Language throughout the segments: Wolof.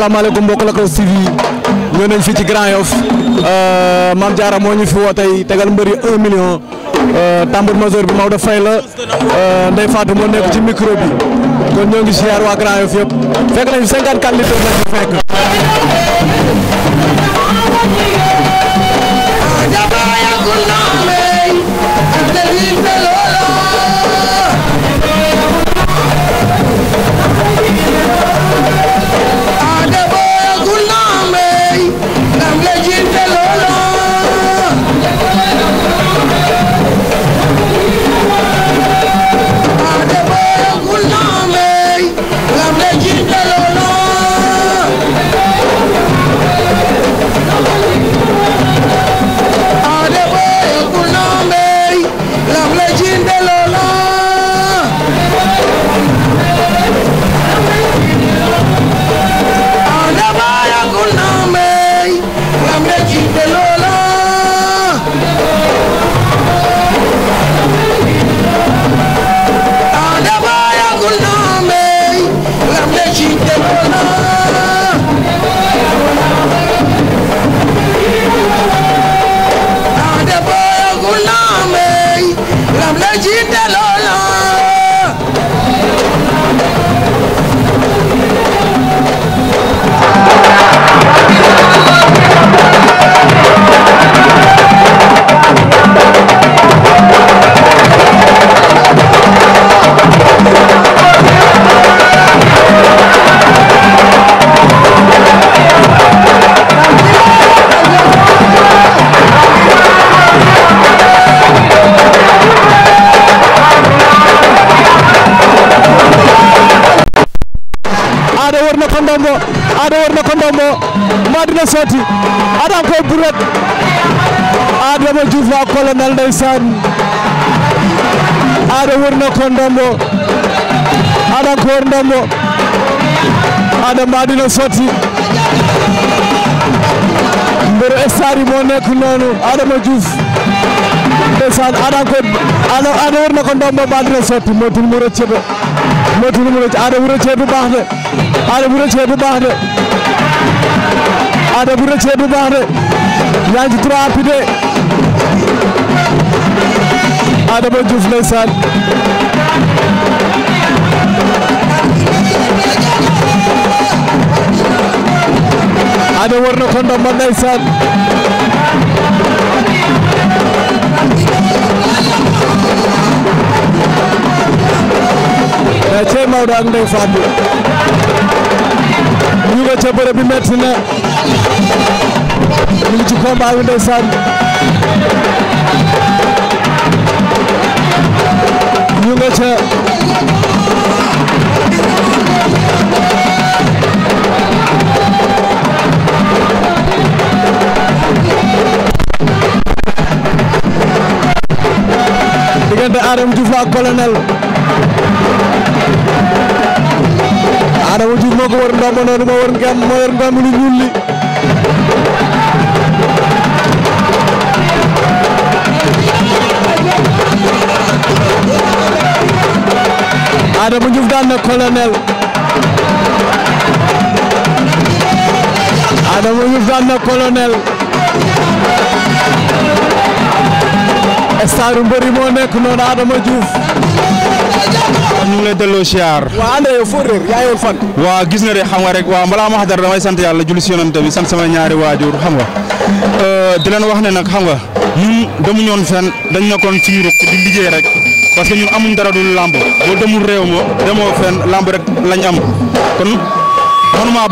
asalaamaaleykum mbokk Lac TV ñëw nañ fii ci Grand Yoff euh, Mame Diarra moo ñu fi woo tey tegal mbëri 1 million euh, tambour majeur bi Maodo Faye la euh, Ndeye Fatou moo nekk ci micro bi kon ñoo ngi ziar waa Grand Yoff yëpp fekk nañ 54 litres lañ fi fekk. fois dina sotti adam koy buret Adama Diouf waa colonel ndeysaan ada na ko ndombo adam ko wër ndombo adam ba sotti mbër estari moo nekk noonu Adama Diouf ndeysaan adam koy ada wër na ko ndombo ba dina sotti motul mu rëcce ba motul mu rëcce ada bu rëcce bu baax de ada bu baax de ada bura cedu bahre yaji trois pide ada ba diouf ndeysaan ada war na ko ndomba ndeysaan Cey Maodo ak ñu nga ca bëre bi metti na ñu ngi ci combat bi ndeysaan ñu nga ca diggante Adama Diouf ak colonel Adama Diouf moo ko war ndomba noonu moo war ngem moo yor ngem lu ñuul li Adama Diouf daan na colonel Adama Diouf daan na colonel star mbër yi moo nekk noonu Adama Diouf ñu ngi lay delloo siyaar waa André yow foo réer yaa yoon fan waa gis nga de xam nga rek waa balaa ma wax damay sant yàlla julli si yonante bi sant sama ñaari waajur xam nga euh, di leen wax ne xam nga ñun demu ñoon fenn dañ nekkoon suñu rukk di liggéey rek parce que ñun amuñ dara dul làmb boo demul réew ma demoo fenn làmb rek lañ am kon manuma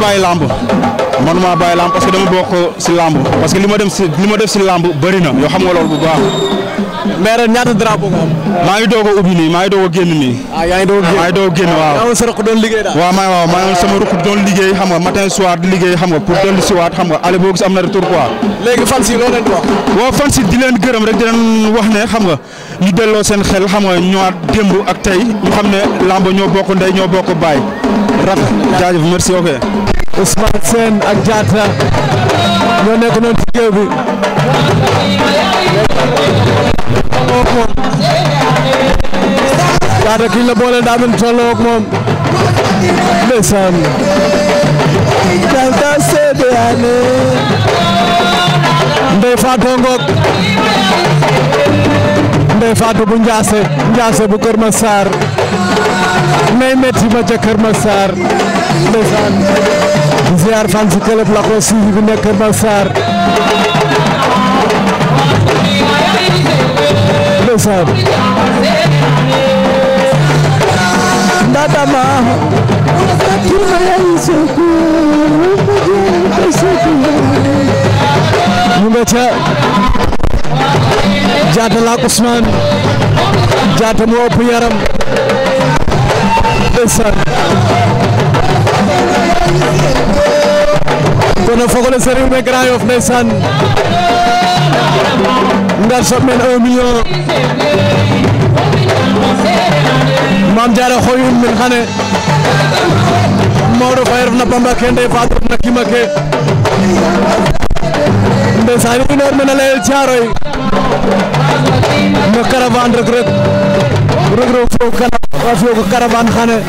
manuma parce que dama bokk parce que dem def na xam nga bu baax mais ren ñaata drapeau nga am. maa ngi doog a ubbi nii maa ngi doog a génn nii. ah yaa ngi doog a génn maa ngi doog a génn waaw. yaa ngi woon sa rëq doon liggéey daal. waaw maa waaw maa ngi woon sama rëq doon liggéey xam nga matin soir di liggéey xam nga pour dellu si waat xam nga allé boo gis am na retour quoi. léegi fan si loo leen di wax. waaw fan si di leen gërëm rek di leen wax ne xam nga ñu delloo seen xel xam nga ñëwaat démb ak tey ñu xam ne làmb ñoo bokk ndey ñoo bokk baay. rafet jaajëf merci ok. Ousmane Sène ak Diatta ñoo nekk noonu ci géew bi tolloo ak moom Caaka kiñ bu Njaase Njaase bu Kër Massar nay metti ma ca Kër Massar ndeysaan ziar fan si club la ko si bi nekk Kër Massar ndeysaan ndadama tuma yayi jaata la Ousmane yaram ndeysaan kon a fogole Serigne Mbe Grand Yoff ndeysaan Ndar sot men un million Mame Diarra xoyum min xane Maodo Faye ref na ke ndey faadum na kima a layel Thiaroy no caravane rek rek rek rek fo kana xane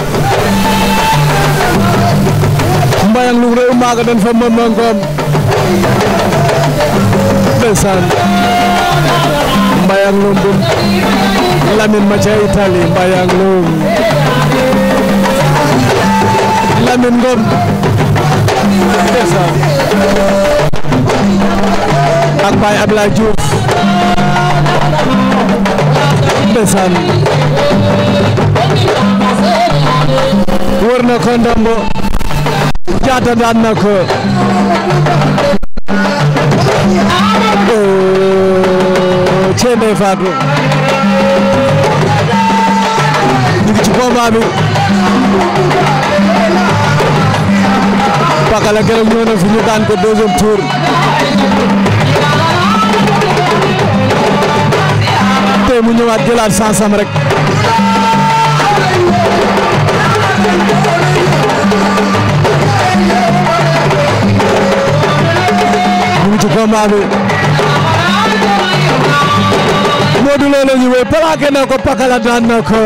mbayang lung rew maga den fa mamangom ndeysaan mbayang lum lamin ma ca Italie lum lamin ngom ak Baye Ablaye Diouf ndeysaan Caata daan na ko Céeme oh, Faatu ñu ngi ci combat bi Pakala keroog ñëw na fi ñu daan ko deuxième tour tey mu ñëwaat jëlaat sansam rek combat bi Modou Lo la ñëwee plaqué na ko pakala daan na ko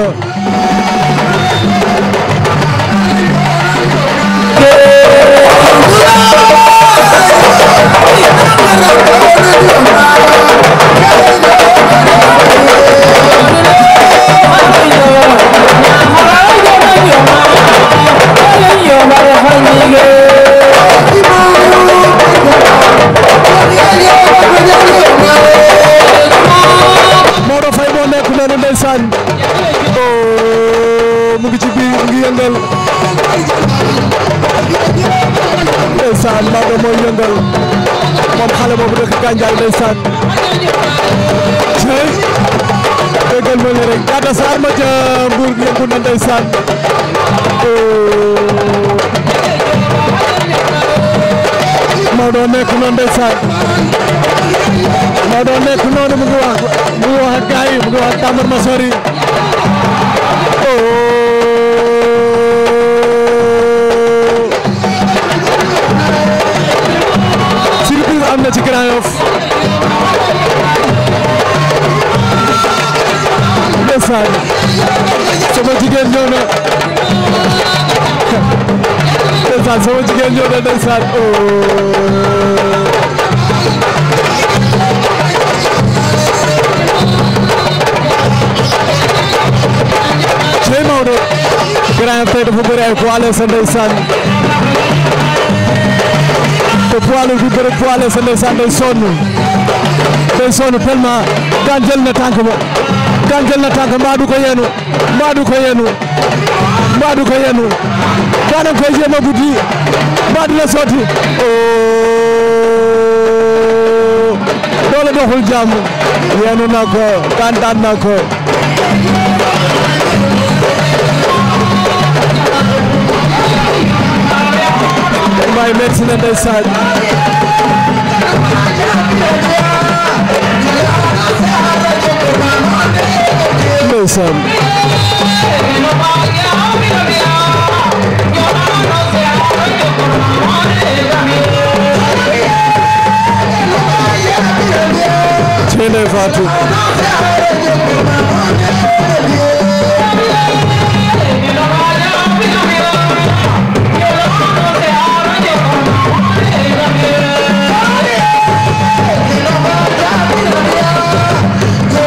xale boobu dëkk Gandiaye ndeysaan déggal ma ne rek Diatta Sarr ma ca Mbour yëngu na ndeysaan oh. Maodo nekk noonu ndeysaan Maodo nekk noonu mu ngi wax mu ngi wax ak mu ngi wax ak Tambar Masori am na ci Grand Yoff ndeysaan sama jigéen ñëw na ndeysaan sama jigéen ñëw na ndeysaan oh. cey Maodo Grand Yoff tey dafa bëri ay poids la sa ndeysaan te poids lourd bi bëre poids la sa ndeysaan day sonn day sonn tellement na tànk ba mbaa du ko yenu mbaa du ko oh. yenu mbaa du ko yenu daanam koy jéem a buddi mbaa dina sotti doole doxul jàmm yenu na ko daan na ko mbaay merci na ndeysaan ndeysaan cene Fatou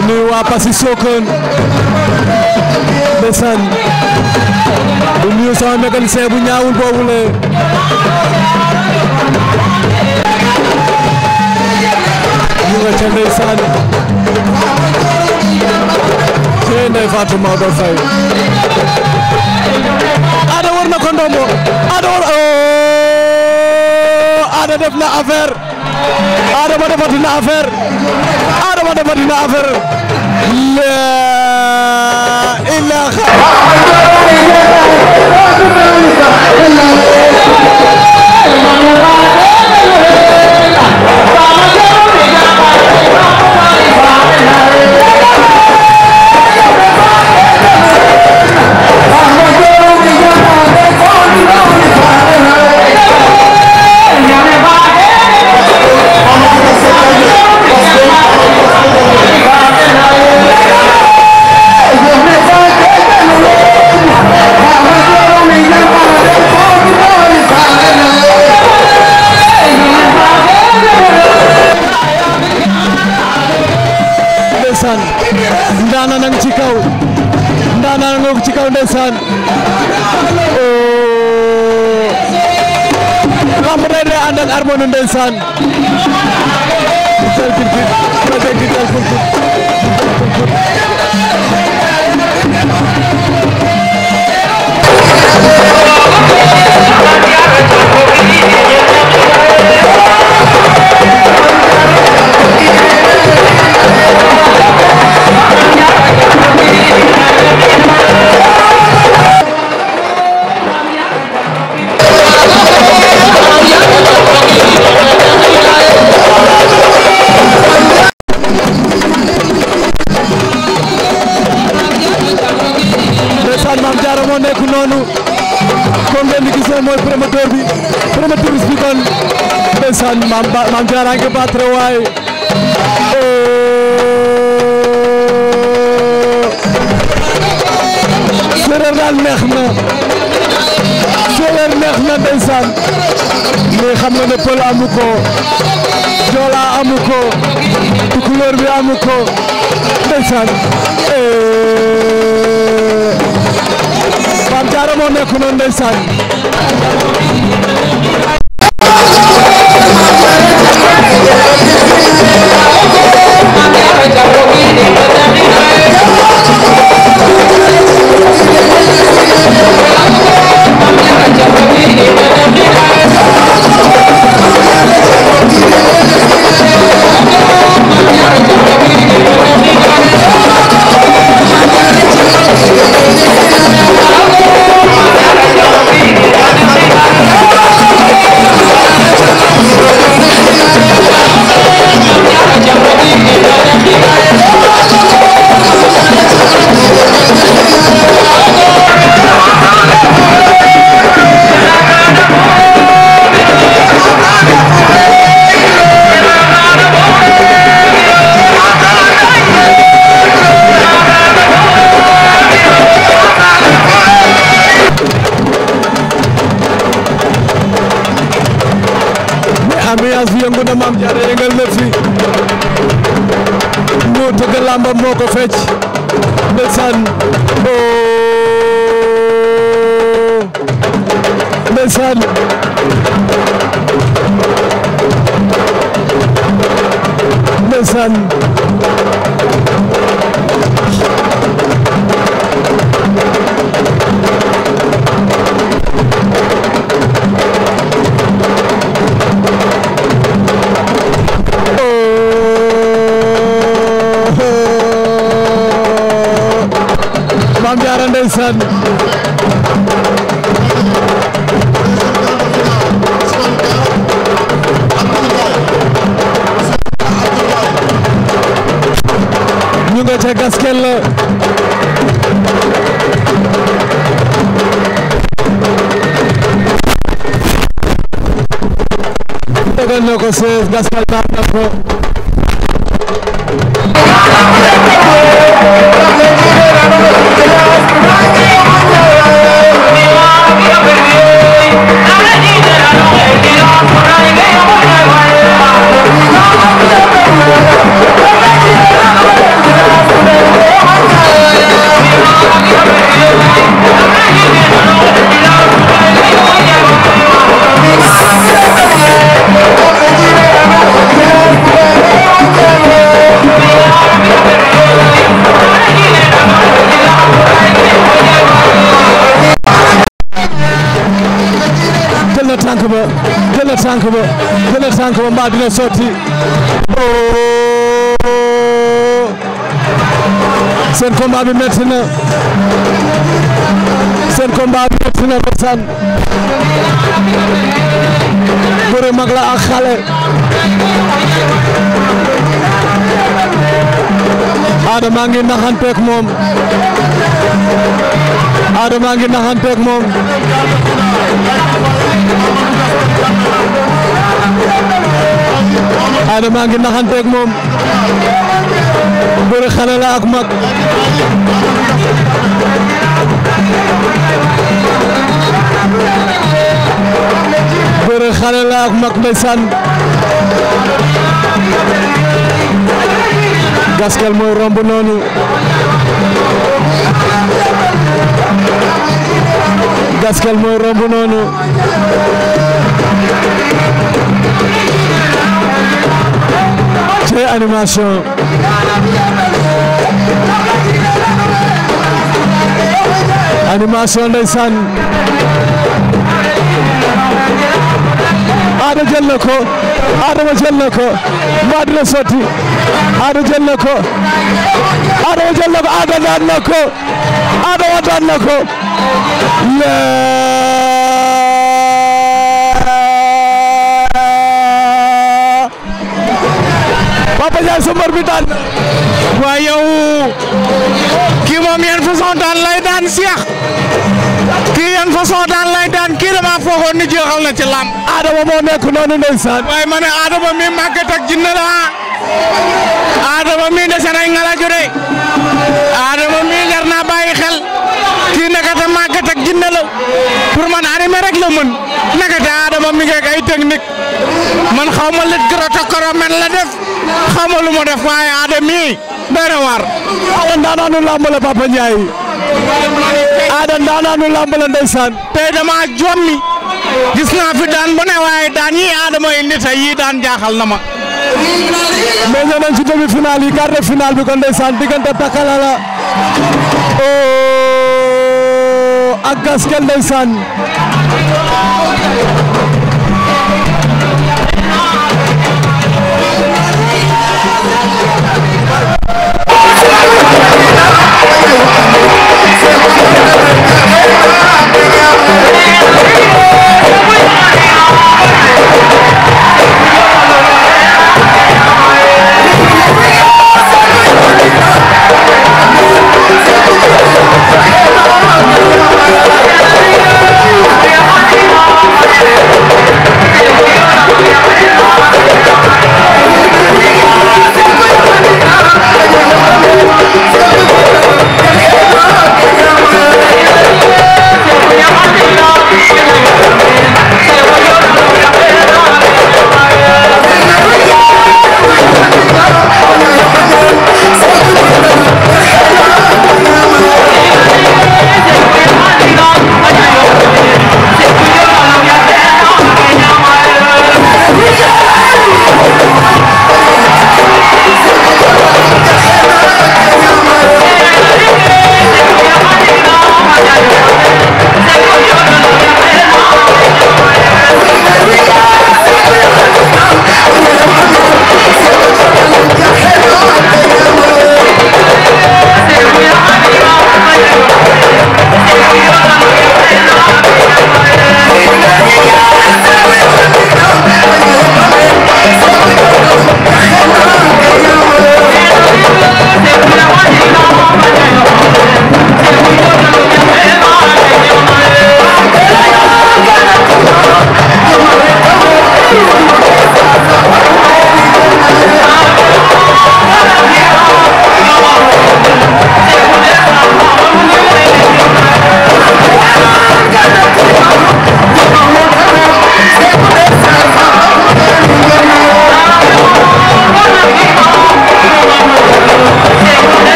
di nuyu waa Passy Sokone ndeysaan di nuyu sama mécanicien bu ñaawul boobu la ñu nga ca ndeysaan cee ndey Fatou Maodo Faye Ada war na ko ndombo Ada war oh! Ada def na affaire Adama defati na affaire Adama defati na affaire laa ilaaha illallah ndeysaan ndaana nang ci kaw ndaana nang ci kaw ndeysaan oh. lamb day day ànd ak armonu ndeysaan jël kirkir mam mam jaara ngi batre waay séeréer daal neex na séeréer neex na ndeysaan mais xam nga ne pël amu ko joola amu ko tukulóor bi amu ko ndeysaan mam jaara moo nekk noonu ndeysaan Thank you. church ñu nga ca gaskel la tegal na ko sees gaskel daan na ko jël na tànk ba jël na tànk ba jël na tànk ba mbaa dina sotti seen combat bi metti na seen combat bi metti na ndeysaan bëre mag la ak xale Adama ngi naxanteeg moom Adama ngi naxanteeg moom Adama ngi naxanteeg moom bëri xale la ak mag bëri xale la ak mag ndeysaan Gaskel mooy romb noonu Gaskel animation animation ndeysaan Ada jël na ko Adama jël na ko mbaa dina sotti Ada jël na ko Adama jël na ko Ada daan na ko Adama daan na ko Papa Ndiaye sa mbër bi daan na waaye yow kii moom yeen façon daan lay daan Cheikh kii yan façon daan lay daan kii dama foogoon ni jeexal na ci làmb. Adama moo nekk noonu ndeysaan. waaye ma Adama mi màggat ak jinne la Adama mi dese nay ngalaju de Adama mi jar naa bàyyi xel kii naka te màggat ak jinne la pour man animé rek la mën naka Adama mi ngi ak ay man xaw lit grotokoro men la def xaw lu ma def waaye Adama mi doy na waar. waaw ndaanaanu làmb la Papa Ndiaye. aada ndaanaanu lamb ndeysaan tey dama jommi gis naa fi daan bu ne waaye daan yi aadama indi tey yii daan jaaxal na ma mais nañ ci demi final yi quart de finale bi kon ndeysaan diggante Pakala la oh ndeysaan Gracias.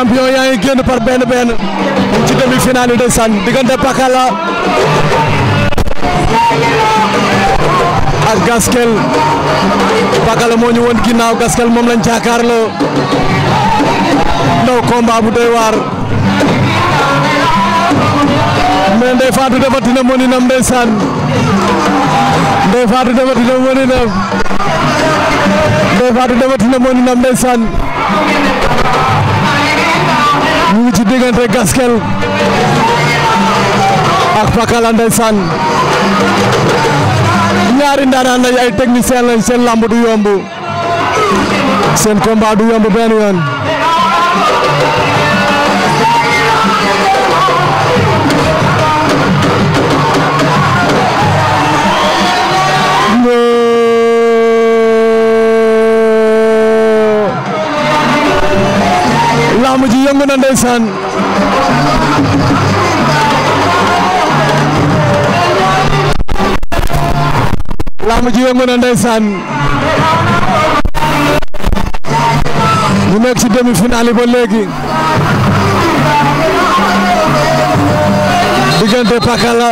champion yaa ngi génn par benn benn ci demi-finale yi de sàn diggante Pakala ak Gaskel Pakala moo ñu woon ginnaaw Gaskel moom lañ jàkkaarloo ndaw combat bu doy waar mais Ndeye Fatou defatina moninam ndeysaan Ndeye Fatou defatina moninam Ndeye Fatou defatina moninam ndeysaan ñu ngi ci diggante Gaskel ak Pakala ndeysaan ñaari ndaanaan lañ ay technicien lañ seen lamb du yomb seen combat du yomb benn yoon yëngu na ji yëngu na ndeysaan ñu nekk ci demi-finale ba léegi diggante Pakala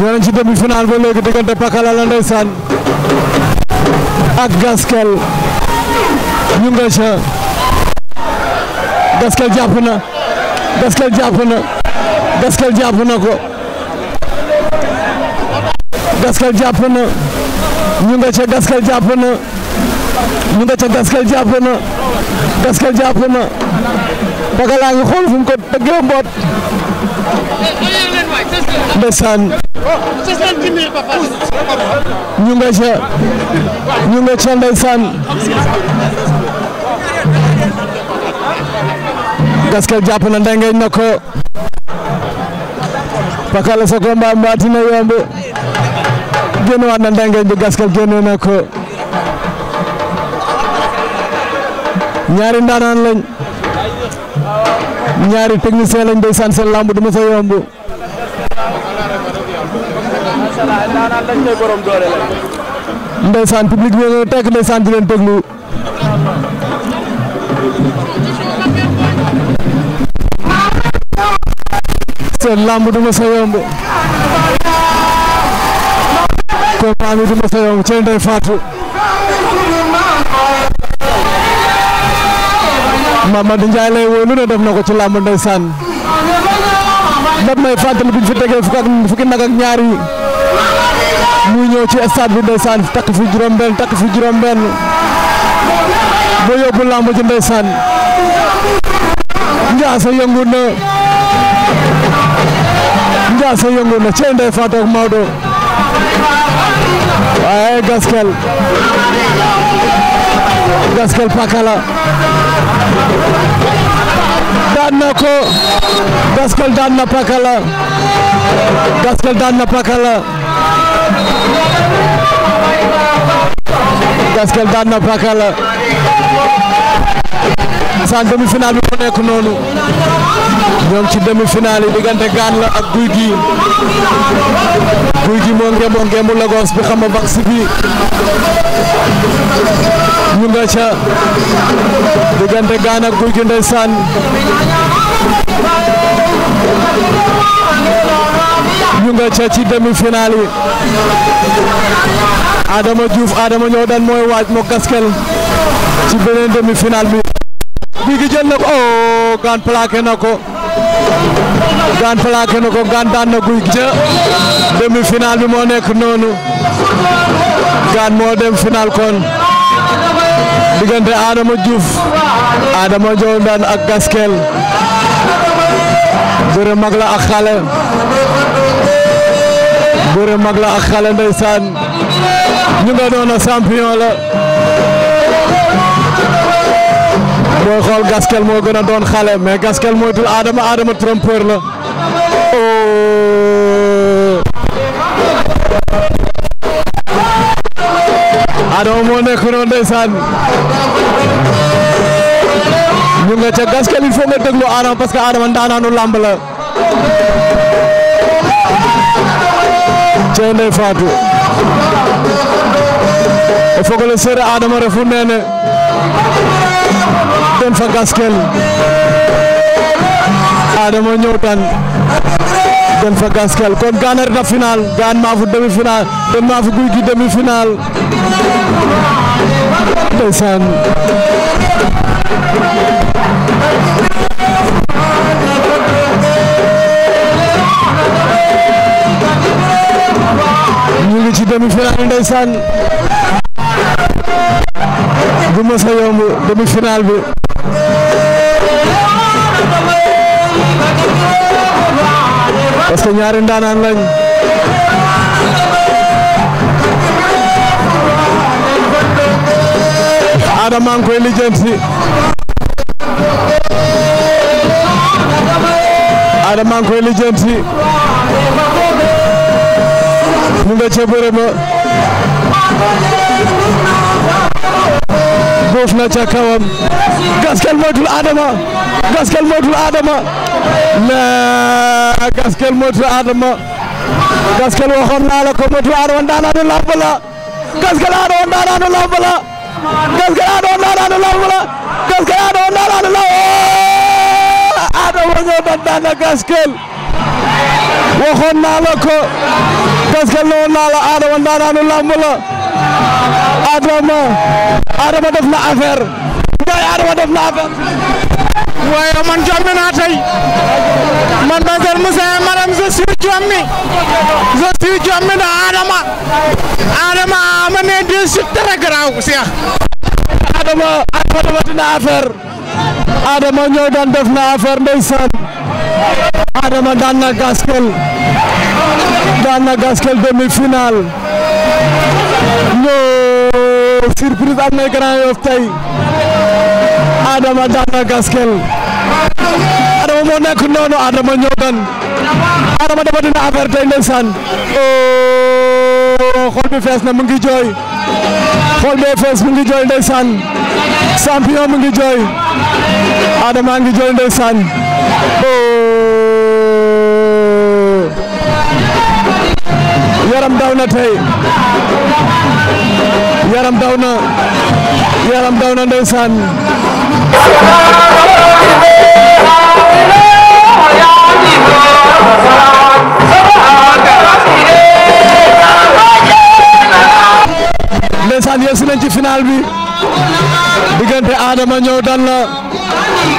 ñoo nañ ci demi-finale ba léegi diggante Pakala la ndeysaan ak Gaskel ñu nga ca Gaskel jàpp na Gaskel jàpp na Gaskel jàpp na ko Gaskel na ca Gaskel jàpp na ñu nga ca Gaskel jàpp na Gaskel jàpp na Pakala ngi xool fu mu ko ndeysaan ñu nga ca ñu nga ca ndeysaan Gaskel jàpp na ndengeñ na ko Pakala sa ko mbaam mbaati na yomb génn waat na ndengeñ bi Gaskel génn na ko ñaari ndaanaan lañ ñaari technicien lañ ndeysaan seen lamb du ma sa yomb daanaan dañ koy borom doole la. ndeysaan public bi nga tekk ndeysaan di leen déglu. du ma sa yomb. combat bi du ma sa yomb cee ndey faatu. Mamadou Ndiaye lay woo lu ne def na ko ci lamb ndeysaan. daf fi tegee fukki nag ak ñaar yi. mu ñëw ci stade bi ndeysaan takk fi juróom-benn takk fi juróom-benn ba yóbbu làmb ji ndeysaan Ndiasse yëngu na Ndiasse yëngu na ci Ndeye Fatou ak waaye Gaskel Gaskel Pakala daan na ko Gaskel daan na Pakala Gaskel daan na Pakala Gaskel daan na Pakala san demi-finale bi mu nekk noonu ñoom ci demi-finale yi diggante gaan la ak guy gi guy gi moo ngémboo ngémbu Lagos bi xam nga vax bi ñu nga ca diggante gaan ak guy gi ndeysaan ñu nga ca ci demi-finale yi Adama Diouf Adama ñoo daan mooy waaj moo gaskel ci beneen demi-finale bi bii gi jël na ko oh gaan plaqué na ko gaan daan na guy gi ca demi-finale bi moo nekk noonu gaan moo dem final kon diggante Adama Diouf Adama Njow Ndane ak Gaskel jërë mag la ak xale bëre mag la ak xale ndeysaan ñu nga doon champion la booy xool gaskel moo gën a doon xale mais gaskel mooy tul Adama Adama trompeur la oh. Adama moo nekk noonu ndeysaan ñu nga ca gaskel il faut nga déglu Adama parce que Adama ndaanaanu làmb la Seye Ndeye Fatou o fogole seereer Adama refu nene ten fa gaskel Adama ñowtan ten fa gaskel kon ga reta final ga an maafu demi final ten maafu guy gi demi final ndeysaan ngi ci demi-finale ndeysaan du ma sa bi parce que ñaari ndaanaan ñu nga ca bëre ba góof na ca kawam gaskel moytul adama gaskel moytul adama la gaskel moytul adama gaskel waxoon naa la ko moytul adama ndaanaanu lamb la gaskel adama ndaanaanu lamb la gaskel adama ndaanaanu lamb la gaskel adama ndaanaanu lamb adama ñoo doon daan gaskel waxoon naa la ko parce que loolu naa la Adama ndaanaanu lamb la Adama Adama def na affaire waaye Adama def na affaire waaye man jommi naa tey man Basseur Moussa madame jommi na Adama Adama ma ne de si très grave Cheikh Adama Adama def na affaire Adama ñëw daan def na affaire ndeysaan Adama daan na daan na Gaskel demi-finale ñoo surprise am na Grand Yoff tey Adama daan Gaskel Adama moo nekk noonu Adama ñoo gan Adama dafa dina affaire tey ndeysaan oh, xool bi fees na mu ngi jooy xool bee fees mu ngi jooy ndeysaan Adama a ngi jooy yaram dauna na yaram dauna na yaram dauna na ndeysan ndeysaan nañ ci final bi digënté Adama ñëw dal la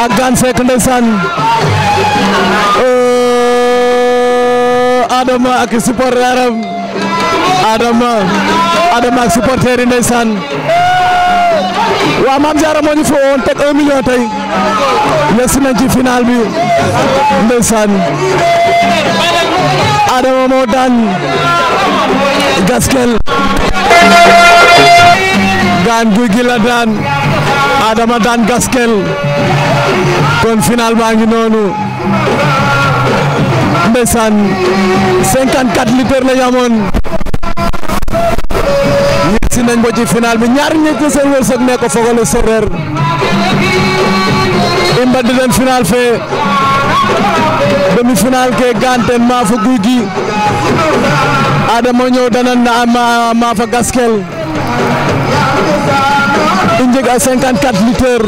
ak gan Seck ndeysan oh, Adama ak support yaram Adama Adama ak supporter yi ndeysaan waa Maam Jaara moo fi woon teg million tey yegsi nañ ci final bi ndeysaan Adama moo daan Gaskel daan gi la daan Adama daan Gaskel kon final baa ngi noonu ndeysaan 54 la ñu si nañ ba ci final bi ñaar ñi ci seen wërsëg ne ko fogole i mbadi den final fe demi final ke ganten Mafa Gouy Gui Adama ñëw danan na Mafa Gaskel i njeg a 54 litres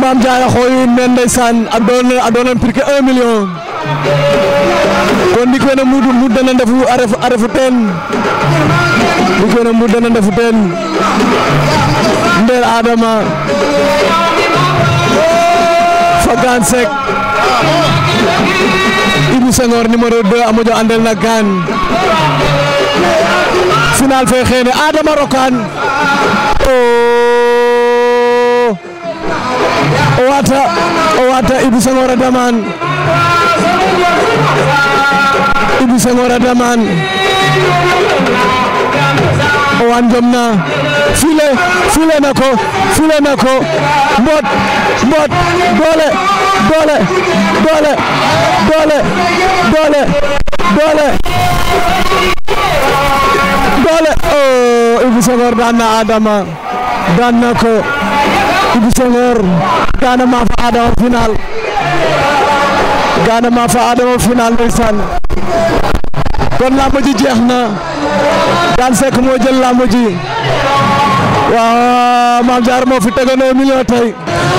Mame Diarra xoyu men ndeysaan a doon a doon piqué 1 million on ndikwene muɗu muddana ndefu a refu teen ndikwene muddana ndefu teen nder adama fagan sek ibu sengor numéro 2 a andel na gan final fe xene adama rokan oh wata o wata ibu sangor a Ibou Senghor a damaan o an jom na ko fule na doole doole doole doole doole doole doole oh, Adama daan ko Ibou Senghor daan Adama final Gana Maffa Adama final ndeysaan kon làmb ji jeex moo jël làmb ji waaw Mame Diarra moo fi teganoo million tey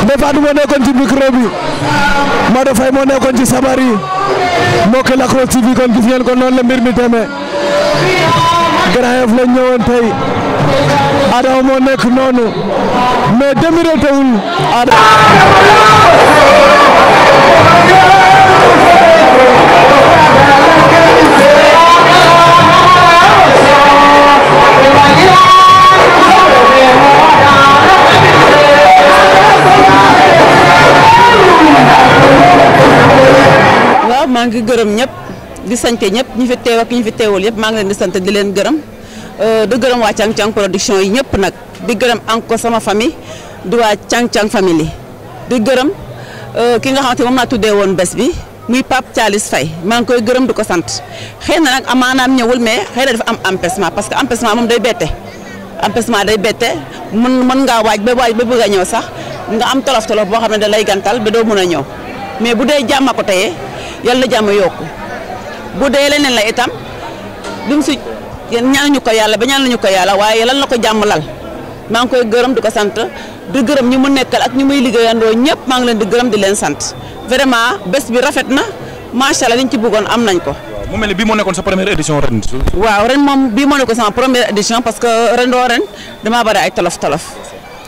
Ndeye Fatou moo nekkoon ci micro bi Maodo Faye moo nekkoon ci sabar yi mbokki Lac Rose TV kon gis ngeen ko noonu la mbir mi demee Grand Yoff lañ ñëwoon tey Adama moo nekk noonu mais demi retewul Adama maa ngi gërëm ñëpp di sant ñëpp ñi fi teew ak ñi fi teewul yëpp maa leen di sant di leen gërëm euh, di gërëm waa Cang Cang production yi ñëpp nag di gërëm encore sama famille di waa Cang Cang family, di gërëm euh, ki nga xamante moom laa tuddee woon bi muy Pape caalis Faye maa ngi koy gërëm di ko sant xëy na nag amaanaam ñëwul mais xëy na dafa am empêchement parce que empêchement moom day bette empêchement day bette mën mën ngaa waaj ba waaj ba bëgg a ñëw sax nga am tolof tolof boo xam ne da lay gantal ba doo mën a ñëw mais bu dee jàmm ko teye yàlla na jàmm yokku bu dee leneen la itam bi mu si ñaanuñu ko yàlla ba ñaanuñu ko yàlla waaye lan la ko jàmm lal maa ngi koy gërëm di ko sant di gërëm ñi mu nekkal ak ñi muy liggéeyandoo ñëpp maa ngi leen di gërëm di leen sant. vraiment bes bi rafetna na macha allah liñ ci bëggon am nañ ko. mu melni bi mo nekkon sa première édition ren. waaw ren mom bi mo nekkon sa première édition parce que ren do ren dama bari ay tolof tolof.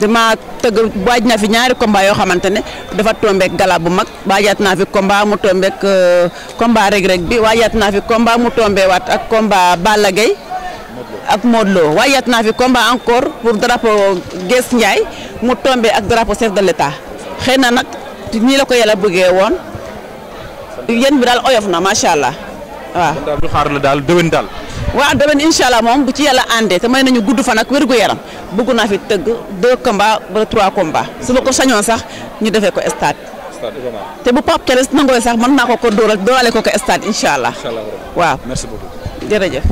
dama teug waaj naa fi ñaari combat yo xamantene ne dafa tombeek gala bu mag waajaat fi combat mu ak euh, combat reg reg bi waajaat fi combat mu tombe wat ak combat balagay ak modlo Lo waajaat fi combat encore pour drapeau guest Ndiaye mu tombe ak drapeau chef de l'État xeyna nak nii la ko yàlla bëggee woon. yéen bi daal oyof na macha allah waaw. kon daal ñu xaar la daal déwén daal. waaw allah moom bu ci yàlla àndee te may nañu gudd fan wér wérgu yaram bëgg naa fi tëgg deux combats ba trois combats su ma ko sañoon sax ñu defee ko stade. te bu Pape Thialis nangoo sax mën naa ko ko dóoral dóorale ko ko stade incha allah. waaw merci beaucoup jërëjëf.